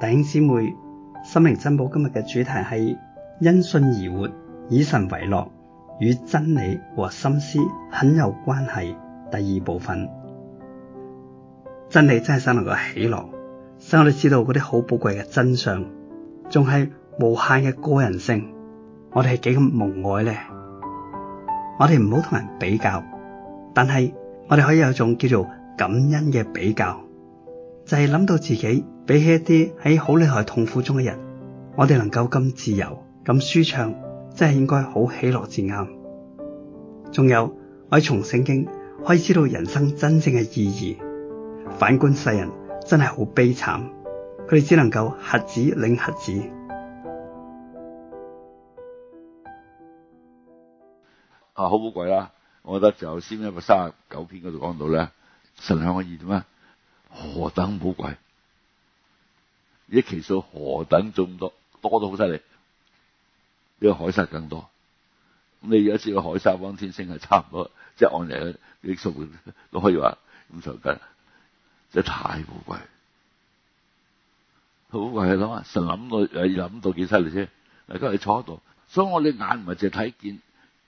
弟兄姊妹，心靈珍寶今日嘅主題係因信而活，以神為樂，與真理和心思很有關係。第二部分，真理真係生出個喜樂，使我哋知道嗰啲好寶貴嘅真相，仲係無限嘅個人性。我哋係幾咁蒙愛呢？我哋唔好同人比較，但係我哋可以有一種叫做感恩嘅比較。就係、是、諗到自己比起一啲喺好厲害痛苦中嘅人，我哋能夠咁自由咁舒暢，真係應該好喜樂至啱。仲有我喺從聖經可以知道人生真正嘅意義，反觀世人真係好悲慘，佢哋只能夠核子領核子。啊，好寶貴啦！我覺得就先一百三十九篇嗰度講到咧，神係可以點啊？何等寶貴，呢啲其數何等眾多，多到好犀利，因為海沙更多。咁你有一次個海沙汪天星係差唔多，即係按嚟，啲數都可以話咁上緊，真係太寶貴。寶貴係咯，神諗到係諗到幾犀利啫。嗱，今日你坐喺度，所以我哋眼唔係淨係睇見，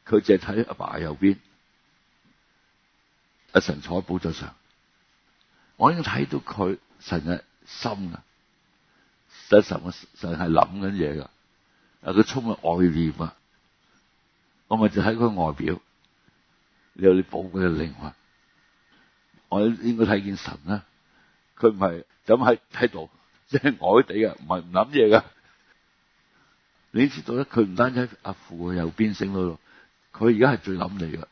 佢淨係睇阿爸，爸右邊，阿神坐喺寶座上。我已經睇到佢神嘅心啊，神的神神係諗緊嘢噶，啊佢充滿愛念啊，我咪就喺佢外表，你有你保護嘅靈魂，我應該睇見神啊，佢唔係咁喺喺度，即係外地嘅，唔係唔諗嘢噶，你知道咧，佢唔單止喺阿父嘅右邊升到，佢而家係最諗你噶，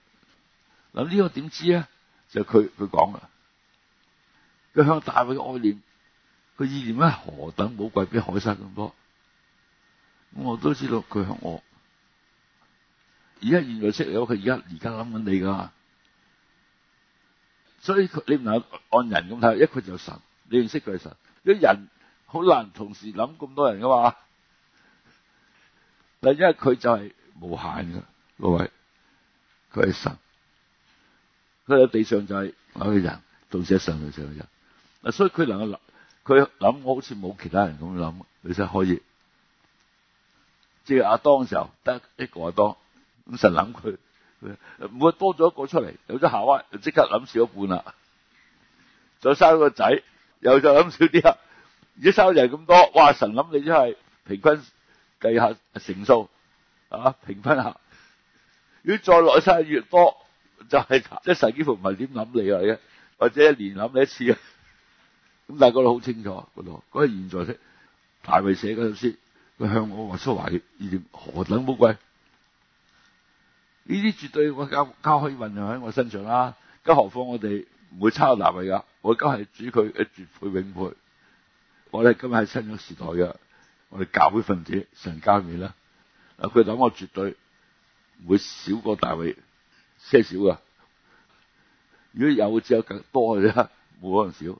嗱呢個點知咧？就佢佢講啦。佢向大會嘅愛念，佢意念咧何等寶貴，比海沙咁多。我都知道佢向我，而家現在識咗佢，而家而家諗緊你噶。所以你唔能按人咁睇，一佢就神，你認識佢係神。因為人好難同時諗咁多人噶嘛。嗱，因為佢就係無限噶各位，佢係神。佢喺地上就係我哋人，同時一上去時係人。所以佢能夠諗，佢諗好似冇其他人咁諗，你實可以即係阿當時候得一個阿當，咁神諗佢，唔會多咗一個出嚟，有咗夏娃即刻諗少一半啦，再生個仔又再諗少啲啊，而家生又係咁多，哇！神諗你真係平均計下成數啊，平均下，如果再來生越多，就係即係神幾乎唔係點諗你嘅，或者一年諗你一次啊。咁大家都好清楚嗰度，嗰係現在的大衛寫嗰首詩，向我話：「所懷嘅意念何等寶貴？呢啲絕對我交交可以運用喺我身上啦，更何況我哋唔會差過大衛噶，我今係主佢嘅絕配永配。我哋今日係新約時代嘅，我哋教會份子神加冕啦。佢諗我絕對唔會少過大衛些少噶，如果有只有更多嘅，冇可能少。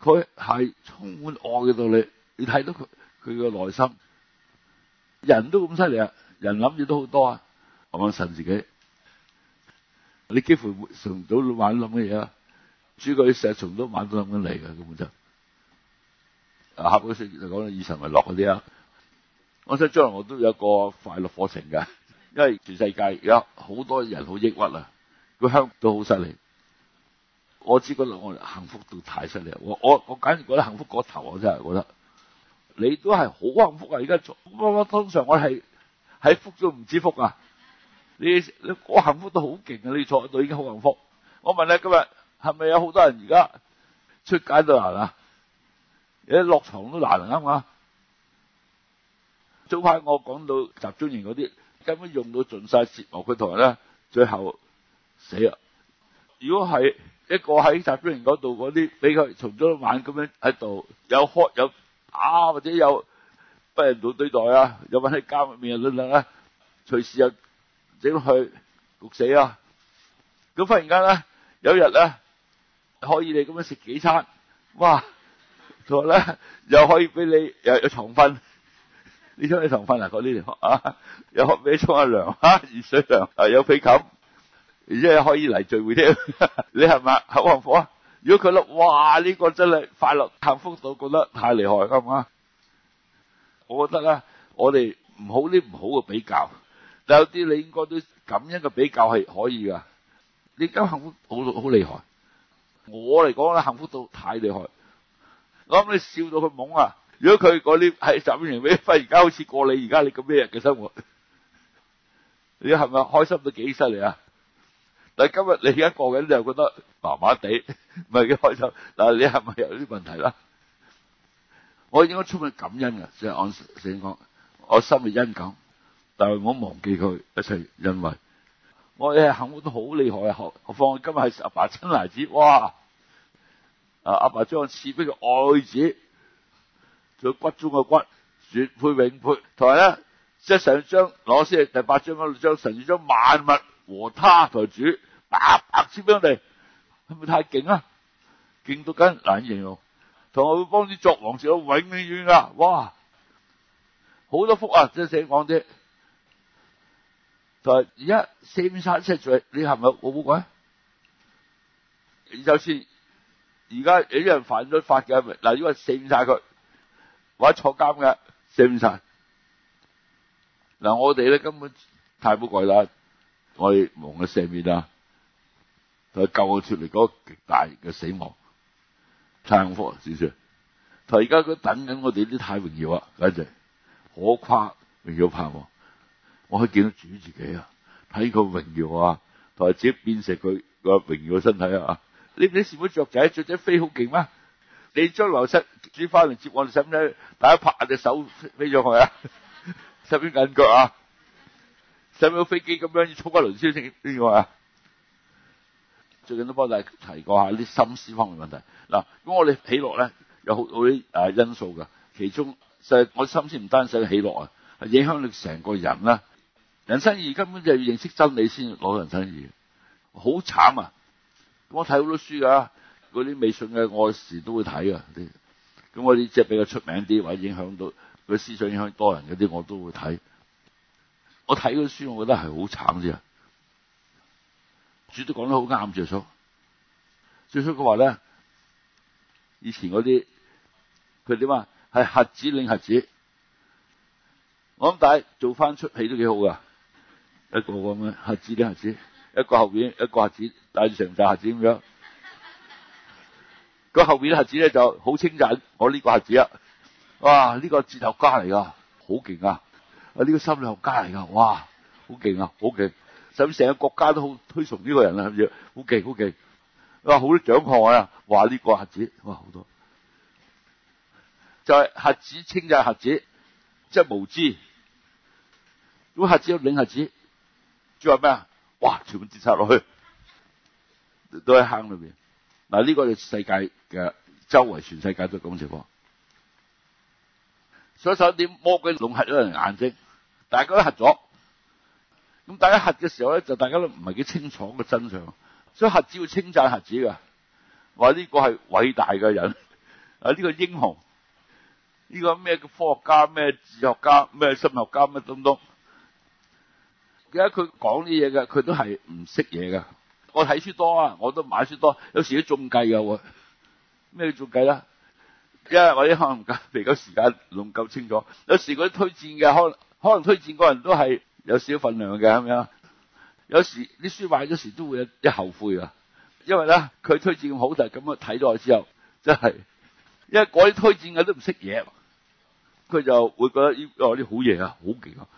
佢係充滿愛嘅道理，你睇到佢佢嘅內心，人都咁犀利啊！人諗嘢都好多啊，我問神自己，你幾乎成早都晚諗嘅嘢啊，主角成日從早都晚都諗緊嚟嘅根本就啊，吓嗰啲就講以神為樂嗰啲啊！我想將來我都有一個快樂課程嘅，因為全世界有好多人好抑鬱啊，個香都好犀利。我知覺得我幸福到太犀利，我我我簡直覺得幸福過頭，我真係覺得你都係好幸福啊！而家坐通常我係喺福都唔知福啊！你你我幸福到好勁啊！你坐喺度已經好幸福。我問你今日係咪有好多人而家出街都難啊？一落床都難啊！啱唔啱？早排我講到集中營嗰啲根本用到盡晒折磨佢台咧，最後死啦！如果係，一個喺集中營嗰度，嗰啲俾佢從咗一晚咁樣喺度有喝有打，或者有不人道對待啊，有韫喺監入面啊等等啊，隨時又整去焗死啊。咁忽然間咧，有日咧可以你咁樣食幾餐，哇！仲有咧又可以俾你又有,有床瞓，你想你床瞓啊？嗰啲啊，有可俾你沖下涼，啊，熱水涼啊，有被冚。而且可以嚟聚會添， 你係咪好幸福啊？如果佢碌，哇！呢、呢個真係快樂幸福到覺得太厲害，係嘛？我覺得啦，我哋唔好啲唔好嘅比較，但有啲你應該都咁樣嘅比較係可以㗎。你咁幸福很，好好厲害。我嚟講咧，幸福到太厲害。我諗你笑到佢懵啊！如果佢嗰啲係十億元忽然間，而家好似過你而家你咁咩嘢嘅生活，你係咪開心到幾犀利啊？但今日你而家過緊就覺得麻麻地，唔係幾開心。嗱，你係咪有啲問題啦？我應該充分感恩噶，即係我聖經講，我心裏恩感，但係唔好忘記佢一切恩惠。我嘅幸福都好厲害啊！何況今日係阿爸親兒子，哇！阿阿爸將賜俾個愛子，做骨中嘅骨，血配永配。同埋咧，即係上章攞先，第八章嗰度將神將萬物和他台主。白白賜俾我哋，係咪太勁啊？勁到間難形容，同我會幫啲作王事，永遠永遠噶，哇，好多福啊！即係正講啫。就係而家四面殺，即係你係咪好寶貴？有次而家有啲人犯咗法嘅，嗱如果係四面殺佢，或者坐監嘅四面殺。嗱我哋咧根本太寶貴啦，我哋唔同佢四面啊。佢救我出嚟嗰個極大嘅死亡，太幸福啦！主主，佢而家佢等緊我哋啲太榮耀啊！等榮簡直，可誇榮耀盼望，我可以見到主自己啊！睇佢榮耀啊！同埋自己變成佢、嗰個榮耀身體啊！你唔你視唔視雀仔，雀仔飛好勁咩？你將來神主翻嚟接我哋使唔使大家拍下隻手飛咗上去啊？使唔使跟腳啊？使唔使飛機咁樣沖一輪霄先先去啊？最近都幫大家提過一下啲心思方面的問題。嗱，咁我哋喜樂咧有好多啲誒、呃、因素㗎，其中就係、是、我心思唔單止喜樂啊，影響你成個人啦。人生意根本就要認識真理先攞人生意，好慘啊！我睇好多書㗎，嗰啲未信嘅我時都會睇啊。啲。咁我啲即係比較出名啲或者影響到佢思想影響多人嗰啲，我都會睇。我睇嗰書，我覺得係好慘啫。都講得好啱，著數。最初佢話咧，以前嗰啲佢點啊，係核子領核子。我諗帶做翻出戲都幾好噶，一個咁樣核子領核子，一個後邊一個核子帶成紮核子咁樣。咁後邊核子咧就好清韌，我呢個核子啊，哇！呢、呢個哲學家嚟噶，好勁啊！我、呢、呢個心理學家嚟噶，哇！好勁啊，好勁！甚至成個國家都好推崇呢個人啦，係咪？好勁，好勁！哇，好多獎項啊！哇，呢個瞎子哇，好多！就係瞎子清就係瞎子，即係無知。咁瞎子領瞎子，仲話咩啊？哇，全部跌晒落去，都喺坑裏邊。嗱，呢個世界嘅周圍全世界都係咁嘅情況。所以手啲魔鬼籠合咗人眼睛，大家都合咗。咁大家核嘅時候咧，就大家都唔係幾清楚個真相，所以核子要稱讚核子噶，話呢個係偉大嘅人，啊，呢個英雄，呢個咩科學家、咩哲學家、咩神學家、咩東東，而家佢講啲嘢嘅，佢都係唔識嘢㗎。我睇書多啊，我都買書多，有時都中計嘅喎。咩中計啦？因為我啲可能未夠時間弄夠清楚，有時佢推薦嘅，可能可能推薦個人都係，有少份量嘅咁樣，有時啲書買咗時都會有一後悔噶，因為咧佢推薦咁好，但係咁樣睇咗我之後就係，因為嗰啲推薦嘅都唔識嘢，佢就會覺得咦哦，啲好嘢啊，好勁啊！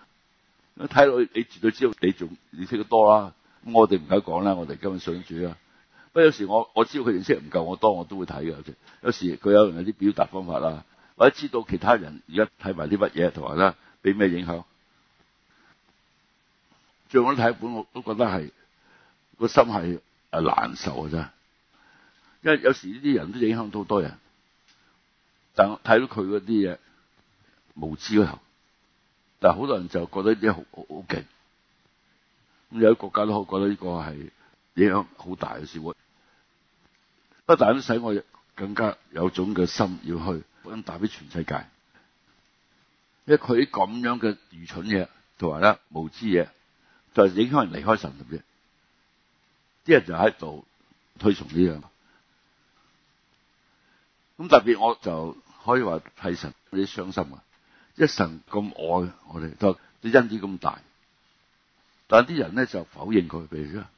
睇落去，你絕對知道你仲認識得多啦，咁我哋唔解講啦，我哋根本上主啦，不過有時我我知道佢認識唔夠我多，我都會睇嘅有陣時，佢有人有啲表達方法啊，或者知道其他人而家睇埋啲乜嘢，同埋咧俾咩影響。最我睇本，我都覺得係個心係啊難受嘅啫。因為有時呢啲人都影響到好多人，但我睇到佢嗰啲嘢無知嗰頭，但係好多人就覺得啲嘢好好勁。咁有啲國家都覺得呢個係影響好大嘅社會，不但都使我更加有種嘅心要去帶俾全世界，因為佢咁樣嘅愚蠢嘢同埋咧無知嘢。就影響人離開神啫，啲人就喺度推崇呢樣。咁特別我就可以話替神有啲傷心啊！一神咁愛我哋，就啲恩典咁大，但啲人咧就否認佢，俾佢呀，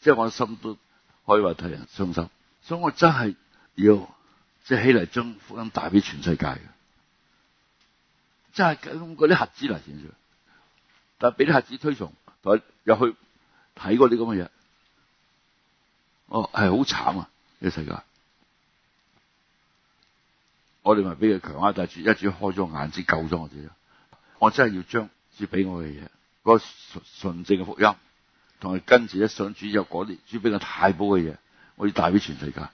即係我心都可以話替人傷心，所以我真係要即係起嚟將福音帶俾全世界嘅，真係咁嗰啲核子嚟嘅啫。但俾啲孩子推崇，同入去睇過啲咁嘅嘢，哦，係好慘啊！呢個世界，我哋咪俾佢強壓大住，一早開咗眼子，救咗我哋咯。我真係要將主俾我嘅嘢，嗰個純正嘅福音，同埋跟住一上主有嗰啲主俾嘅太寶嘅嘢，我要帶俾全世界。